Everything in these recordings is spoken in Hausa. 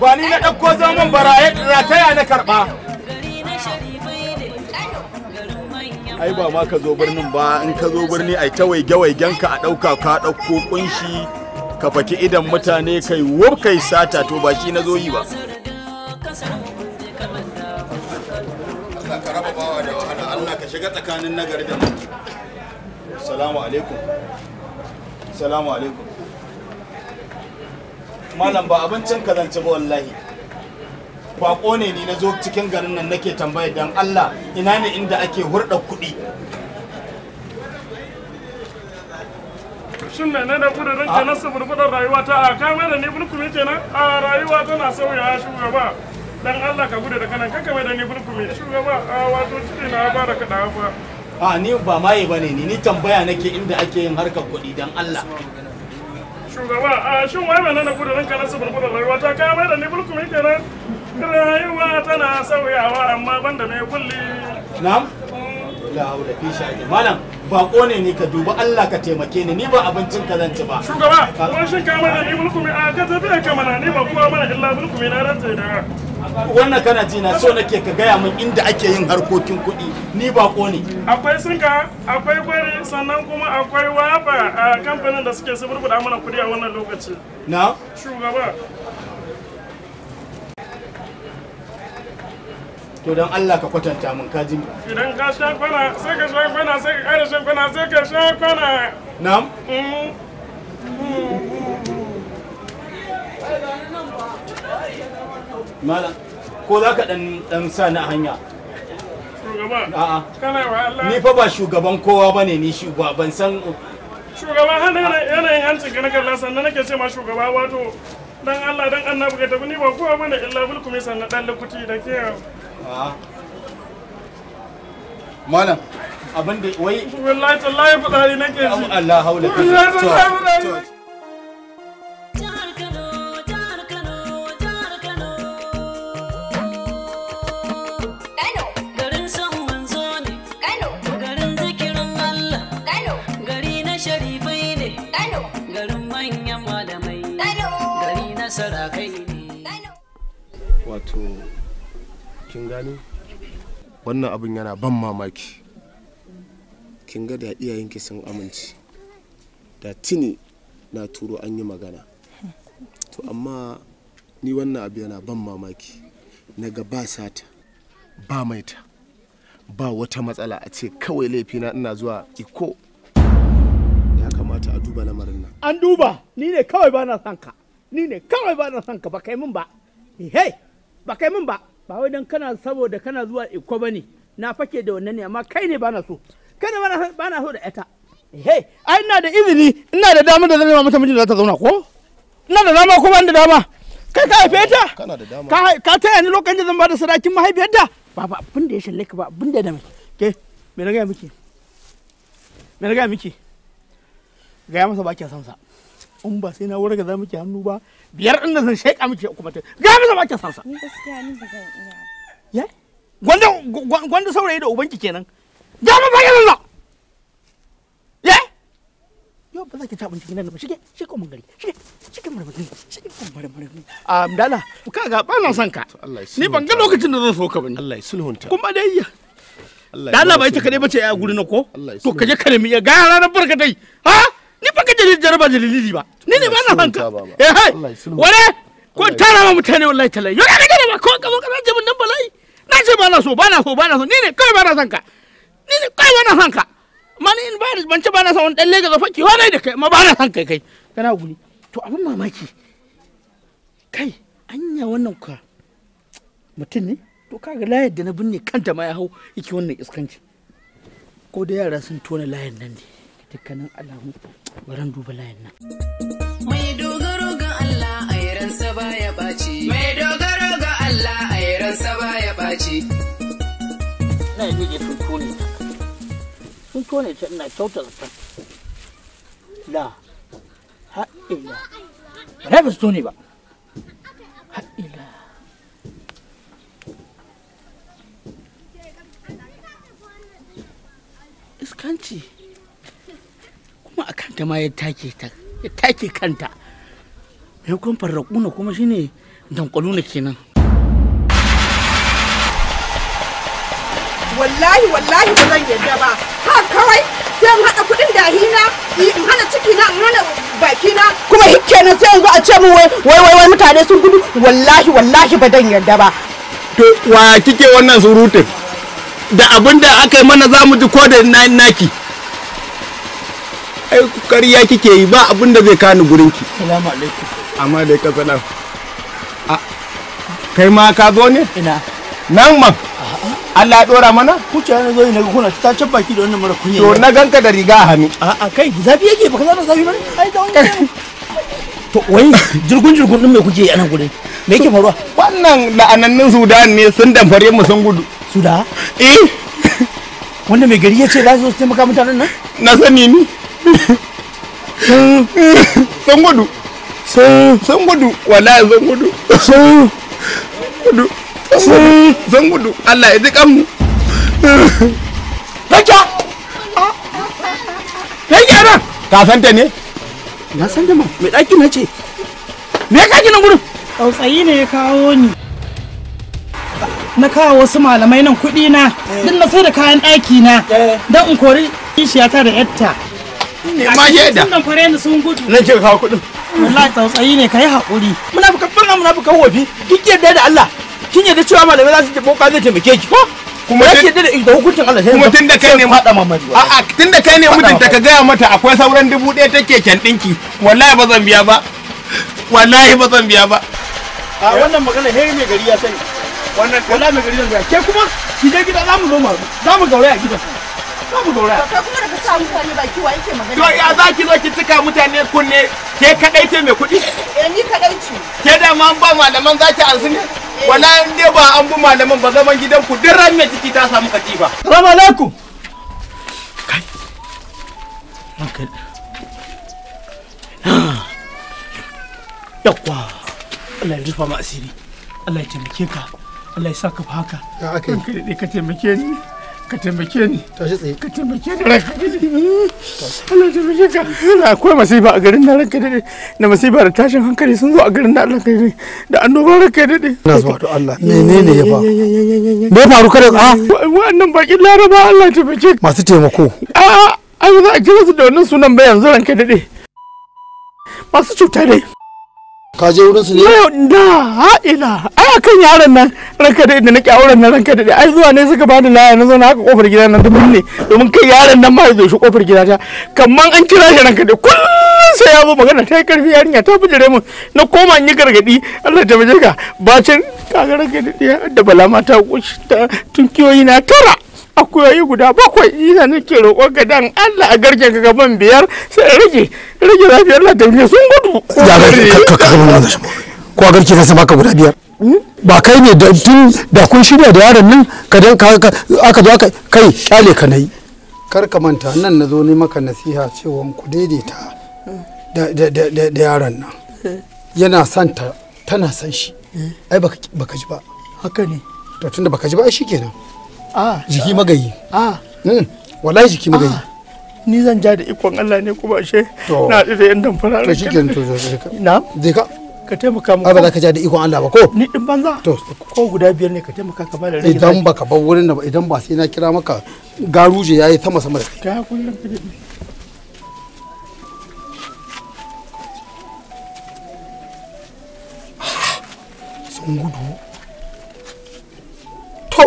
ba ni na ɗauko zaman ta rataya na karɓa ai ba ma ka zo birnin ba in ka zo birni ai ta waige waigenka a ɗauka ka ɗauko kunshi ka faki idan mutane kai wuf kai sata to ba shi na zo yi ba Allah ka shiga tsakanin nagari da Salamu alaikum. Salamu alaikum. malam ba abincin ka zance ba wallahi bako ne ni na zo cikin garin nan nake tambaya dan Allah ina ne inda ake hurɗa kuɗi shin mene gudu don ke na saburbudar rayuwa ta a kama da ne bulkumi kenan a rayuwa tana sauya, sauyawa shugaba dan Allah ka gudu da kanan kaka mai da ni bulkumi shugaba a wato ciki na bara ka kaɗa ba a ni ba maye ba ne ni tambaya nake inda ake yin harkar kuɗi dan Allah shugaba a shin wai mai nana gudunan ka nasu bulbulan rayuwa ta ka mai da ni bulkumi kenan rayuwa tana sauyawa amma ban da mai kulli na'am la haula fi sha'ani malam bako ne ni ka duba Allah ka taimake ni ni ba abincin ka zan ba shugaba ko shin ka mai da ni bulkumi a ka tafi ka ni ba kuma mana illa bulkumi na rantsa da wannan kana ji na so nake ka gaya min inda ake yin harkokin kuɗi ni ba ne akwai sinka akwai gwari sannan kuma akwai wafa a kamfanin da suke suburbuda mana kuɗi a wannan lokaci na shugaba to don Allah ka kwatanta mun ka ji idan ka sha kwana sai ka sha kwana sai ka kare sha kwana sai ka sha kwana na'am mm-hmm. mm-hmm. malam ko za ka ɗan sa na hanya A'a. Ni fa ba shugaban kowa ba ne ni shugaba ban san. Shugaban hannun yanayin hancin ka na kalla sannan nake ce ma shugaba wato dan Allah dan annabi ka tafi ni ba kowa bane illa bulkumi sannan dan lokuti da ke. A'a. Malam abin da wai. Wallahi tallahi fadari nake ji. Allah haula. Wallahi tallahi fadari. to kin gani wannan abin yana ban mamaki kin ga da iyayenki sun amince da tuni na turo an yi magana to amma ni wannan abu yana ban mamaki na ga ba sata ba maita ba wata matsala a ce kawai laifina ina zuwa iko ya kamata a duba lamarin nan an duba ni ne kawai ba na son ka ni ne kawai ba na son ka ba kai min ba hey ba kai min ba ba wai dan kana saboda kana zuwa iko bane na fake da wannan ne amma kai ne bana so kai ne bana so da ita he ai ina da izini ina da dama da zan nema mata mijin da za ta zauna ko ina da dama ko ban da dama kai ka haife ta ka ta yani lokacin da zan bada sadakin mahaifiyarta ba ba abin da ya shalle ka ba abin da ya dame ke me na gaya miki me na gaya miki gaya masa ba kya san sa in ba sai na wurga za miki hannu ba biyar din nan zan sheka miki kuma ta ga mu zama ki sansa ni gaskiya ni ba zan iya ya gwanda gwanda saurayi da ubanki kenan ga mu bayan Allah ya yo ba za ki tabin cikin nan ba shige shi ko mun gari shige cikin marmarin cikin marmarin a dala ka ga ba na son ka ni ban ga lokacin da zan so ka bane Allah ya sulhunta kuma dai ya Allah da Allah ba ita kade bace ya guri na ko to kaje ka nemi ya ga ranar barkatai ha fa ka jari jaraba da lili ba ni ne ba na hanka eh hai wale ko tara ma mutane wallahi talai yo ka gane ba ko ka ka je mun nan balai na ce ba na so ba na so ba na so ni ne kai ba na hanka ni ne kai ba na hanka mani in ba ni ban ce ba na san wani dalle ga zafaki wani da kai ma ba na hanka kai kana guri to abun mamaki kai anya wannan ka mutum ne to kaga layar da na binne kanta ma ya hau yake wannan iskanci ko da yara sun tona layar nan ne dukkanin alamu bari duba layin nan mai dogaro ga Allah a ransa baya baci mai dogaro ga Allah a ransa baya baci na yi je sun tone ta sun tone ta ina kyautar ta la ha ila ba ba su tone ba ha iskanci kuma a kanta ma ya take ta ya take kanta maimakon farraƙuna kuma shine dankwaluna kenan wallahi wallahi ba zan yadda ba ha kawai sai hada haɗa kuɗin na, in hana ciki na in hana baki na kuma na sai yanzu a ce mu wai wai wai mutane sun gudu wallahi wallahi ba zan yadda ba to wa kike wannan surutun da abinda aka yi mana za mu ji ko da naki ai ƙarya kike yi ba abin da zai kani gurin ki salamu alaikum amma dai ka a kai ma ka zo ne ina nan ma Allah ya dora mana kuce ne zo ne kuna ta ce baki da wannan mara kunya to na ganka da riga a hannu a a kai zafi yake baka zama zafi ba ai da wannan to wai jirgun jirgun din mai kuke anan gurin me yake faruwa wannan la'anannin sudan ne sun damfare mu sun gudu suda eh wanda mai gari ya ce za su taimaka mutanen nan na sani ni sun gudu sun gudu wallahi sun gudu sun gudu sun gudu Allah ya ji kanmu Raka! Raka nan! Ka san ta ne? Na san ta ma, mai ɗaki na ce. Me ya kaki nan gurin? Tsautsayi ne ya kawo ni. na kawo wasu malamai nan kuɗi na eh. duk na sai da kayan ɗaki na eh. don in kori kishiyata da yatta ne ma shaida nan fare ni sun gudu nan ke kawo kudin wallahi tsautsayi ne kai hakuri munafikan ban munafikan wofi duk yadda da Allah kin yadda cewa malamai za su ce boka zai taimake ki ko kuma ya yadda da ita hukuncin Allah sai kuma tunda kai ne fada mamari a'a tunda kai ne mutunta ka gaya mata akwai sauran dubu ɗaya take kyan dinki wallahi ba zan biya ba wallahi ba zan biya ba a wannan magana heri mai gari ya sani wannan wallahi mai gari zan biya ke kuma ki je gida za mu zo mu za mu gauraya gidan babu dora ka kuma daga sa mutane baki wa yake magana to ya za ki zo ki tuka mutane kunne ke kadai ce mai kuɗi eh ni kadai ce ke da ma ba malaman za ki ansu ne eh. wala in dai ba an bi malaman ba zaman gidan ku duk ran mai ciki ta samu katifa assalamu alaikum kai hankali ah. yakwa Allah ya rufa ma asiri Allah ya taimake ka Allah ya saka fa haka ya aka yi ka taimake ni ka taimake ni tashi tsaye ka taimake ni ranka Allah taimake ka akwai masifa a garin na ranka dade da masifa da tashin hankali sun zo a garin na ranka dade da annoba ranka dade ina zuwa to Allah menene ya faru me faru kada a ah! wannan bakin laraba Allah ya taimake masu taimako a ah! a ai za a kira su da wannan sunan ba yanzu ranka dade masu cuta dai ka je wurin su ne da ha'ila ai akan yaron nan ranka da inda nake auren nan ranka da ai zuwa ne suka bani laya na zauna haka kofar gida nan dubin ne domin kai yaron nan ma zai zo shi kofar ta kamar an kira shi ranka da kullum sai ya zo magana ta karfi yarinya ta bijire mu na koma in yi gargadi Allah ta baje ka bacin kaga ranka da da bala ma ta kushi ta tunkiyoyi na tara akwai guda bakwai ina ke roƙon ka dan Allah a garken ka gaban biyar sai rage rage lafiyar la tafiya sun gudu ya ga ka gaban shi ko a garke ka saba ka guda biyar hmm? ba kai ne da tun da kun shirya da yaron nan ka dan aka zo aka kai kyale ka nayi kar ka manta nan na zo ne maka nasiha cewa ku daidaita da yaron nan yana son ta tana son shi hmm. ai baka ji ba haka ne to tunda baka ji ba shi kenan Ah. jiki magayi ah. hmm. wallahi jiki ah. magayi ni zan ja da ikon Allah ne kuma ashe na da da yan damfara to shikenan to na je ka ka taimaka mu ba za ka ja da ikon Allah ba ko ni din banza to ko guda biyar ne ka taimaka ka bada rai idan baka bar wurin da idan ba sai na kira maka garuje yayi sama sama da kai sun gudu to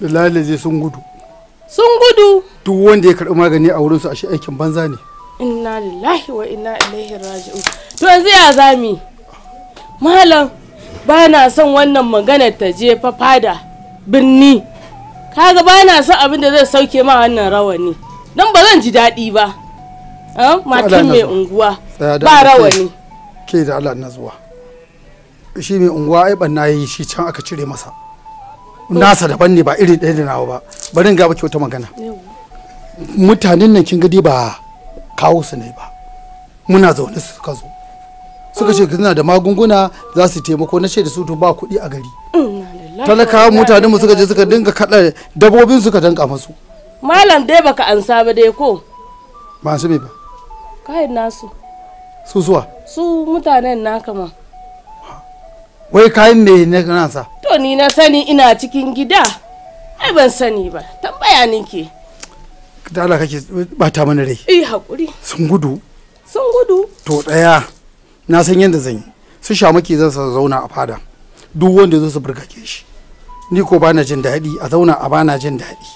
billahi zai sun gudu sun gudu duk wanda ya karɓi magani a wurinsu a shi aikin banza ne inna lillahi wa inna ilaihi raji'un to yanzu ya zami malam ba na son wannan maganar ta je fa fada birni kaga ba na son abin da zai sauke ma wannan rawani don ba zan ji daɗi ba ah, matan mai unguwa ba rawani ke da Allah na zuwa shi mai unguwa ai banna yi shi can aka cire masa nasa daban ne ba irin ɗaya da nawa ba bari ga baki wata magana mutanen nan kin gadi ba kawo su ne ba muna zaune ka zo suka ce mm. suna da magunguna za su taimako na ce da su to ba kuɗi a gari talaka mutanen mu suka je suka dinga kaɗa dabobin suka danka masu malam dai baka ansa ba dai ko ba su me ba kai nasu su zuwa su mutanen naka ma wai kayan me na nasa to ni na sani ina cikin gida ai ban sani ba tambaya nike da Allah kake bata mana rai eh hakuri sun gudu sun gudu to daya na san yadda zan yi su shamaki zan sa zauna a fada duk wanda zo su burkake shi ni ko bana jin daɗi a zauna a bana jin daɗi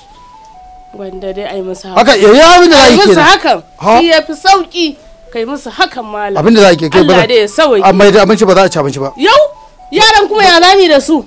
wanda dai ai musu haka haka yayi abin da zai musu hakan shi yafi sauki kai musu hakan malam abin da zai kai ba Allah dai ya sauki amma abinci ba za a ci abinci ba yau yaran kuma ya zami da su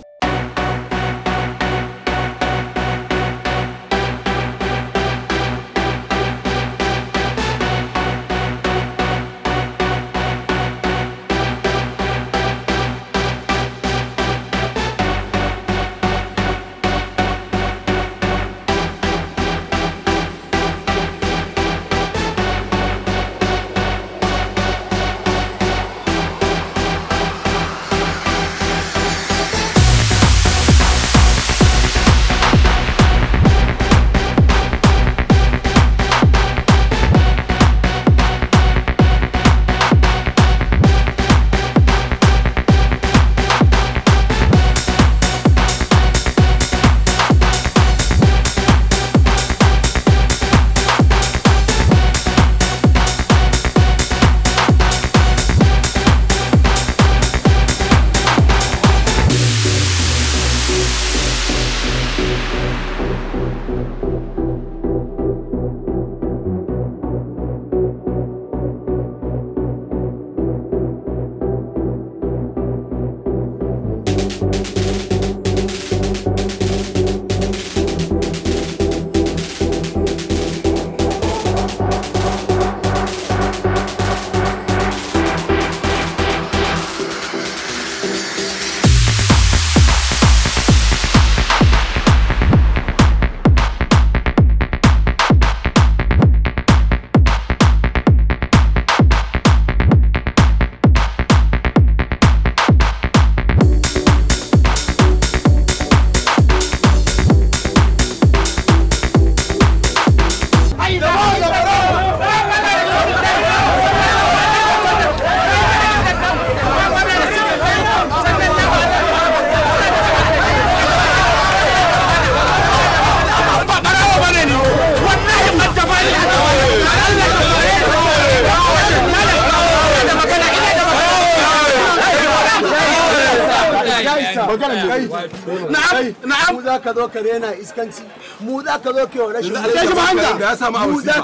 na'am na'am mu za zo ka rena iskanci mu da mu zo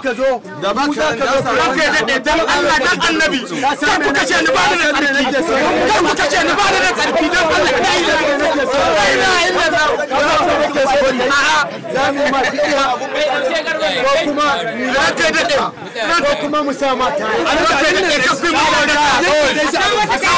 ka zo ka dan Allah dan annabi ni ba da tsarki ni ba da tsarki dan Allah illa mu ma ko kuma ni ko kuma mu sa mata an ka mu da ka